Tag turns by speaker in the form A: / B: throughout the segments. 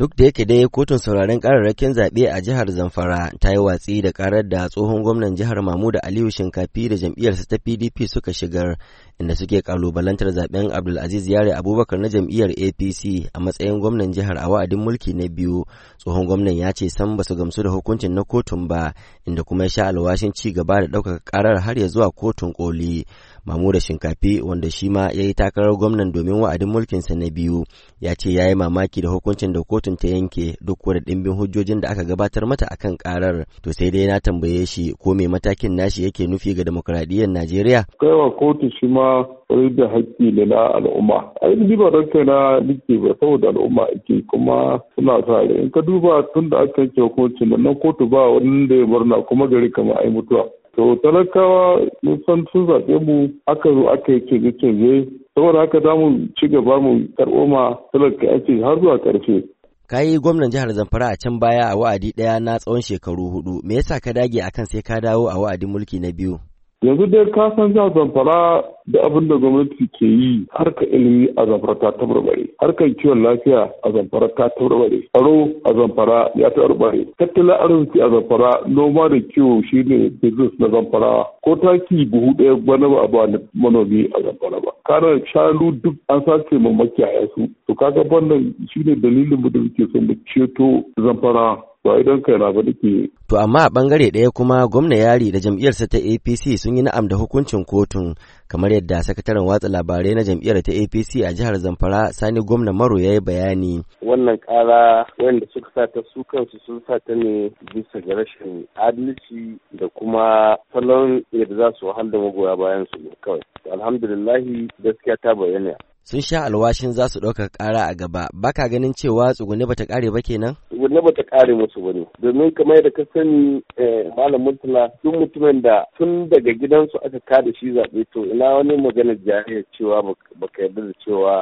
A: duk da yake dai kotun sauraren kararrakin zaɓe a jihar zamfara ta yi watsi da karar da tsohon gwamnan jihar mahmudu aliyu shinkafi da jam'iyyarsa ta pdp suka shigar inda suke kalubalantar zaɓen abdulaziz yare abubakar na jam'iyyar apc a matsayin gwamnan jihar a wa'adin mulki na biyu tsohon gwamnan ya ce san su gamsu da hukuncin na kotun ba inda kuma ya sha alwashin ci gaba da ɗaukaka karar har ya zuwa kotun koli mamuda shinkafi wanda shi ma ya yi takarar gwamnan domin wa'adin mulkinsa na biyu ya ce ya yi mamaki da hukuncin da kotun kotun ta yanke duk wani dimbin hujjojin da aka gabatar mata akan karar to sai dai na tambaye shi ko mai matakin nashi yake nufi ga demokradiyyar Najeriya
B: kaiwa kotu shi ma da haƙƙi ne na al'umma a yi ba ranka na nike ba saboda al'umma ake kuma suna sa in ka duba tun da aka yanke hukuncin nan kotu ba wani da ya barna kuma gari kamar yi mutuwa to talakawa mun san sun zaɓe mu aka zo aka yi canje-canje saboda haka za mu ci gaba mu karɓo ma talaka ake har zuwa ƙarfe.
A: Ka yi gwamnan jihar Zamfara a can baya a wa'adi ɗaya na tsawon shekaru hudu, me yasa ka dage akan sai ka dawo a wa'adin mulki na biyu?
B: yanzu dai ka san jihar zamfara da abin da gwamnati ke yi harka ilimi a zamfara ta tabarbare harkar kiwon lafiya a zamfara ta tabarbare tsaro a zamfara ya tabarbare tattalin arziki a zamfara noma da kiwo shine business na zamfara ko taki buhu ɗaya gwana ba ba na manomi a zamfara ba kana shanu duk an sace ma makiyaya su to kaga wannan shine dalilin mu da muke son mu ceto zamfara ba idan kai na ba nake
A: to amma a bangare ɗaya kuma gwamna yari da jam'iyyarsa ta APC sun yi na'am da hukuncin kotun kamar yadda sakataren watsa labarai na jam'iyyar ta APC a jihar Zamfara Sani gwamna Maro ya yi bayani
C: wannan kara wanda suka sa ta su kansu sun sa ta ne bisa ga rashin adalci da kuma salon yadda za su wahal da magoya bayan su ne kawai alhamdulillahi
A: gaskiya ta bayyana sun sha alwashin za su ɗaukar ƙara a gaba ba ka ganin cewa tsugunni ba ta ƙare ba kenan?
C: Tsugunni ba ƙare musu ba ne domin kamar yadda ka sani eh, malam murtala tun mutumin da tun daga gidansu aka kada shi zaɓe to ina wani magana jariya cewa ba ka yarda da cewa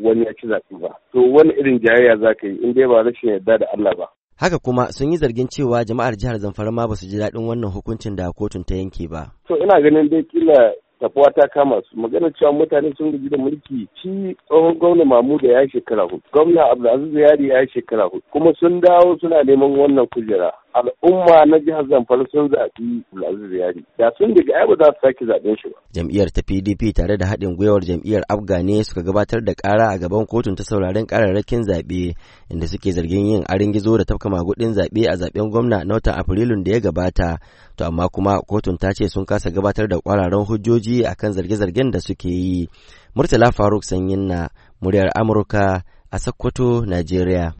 C: wani ya ci zaɓe ba to wani irin jariya za ka yi in dai ba rashin yarda da Allah ba.
A: Haka kuma sun yi zargin cewa jama'ar jihar Zamfara ma ba su ji daɗin wannan hukuncin da kotun ta yanke ba.
C: To ina ganin dai kila tafuwa ta kama su maganar cewa mutane sun gaji da mulki shi tsohon gwamna mamu da ya shekara hudu gwamna abdulaziz yari ya shekara hudu kuma sun dawo suna neman wannan kujera al'umma na jihar Zamfara sun zaɓi Abdulaziz Yari. Da sun daga ai za su sake zaɓen shi ba.
A: Jam'iyyar ta PDP tare da haɗin gwiwar jam'iyyar ne suka gabatar da ƙara a gaban kotun ta sauraren ƙararrakin zaɓe inda suke zargin yin arin gizo da tafka magudin zaɓe a zaɓen gwamna na watan Afrilun da ya gabata. To amma kuma kotun ta ce sun kasa gabatar da ƙwararren hujjoji akan zarge-zargen da suke yi. Murtala Faruk Sanyin na muryar Amurka a Sokoto, Najeriya.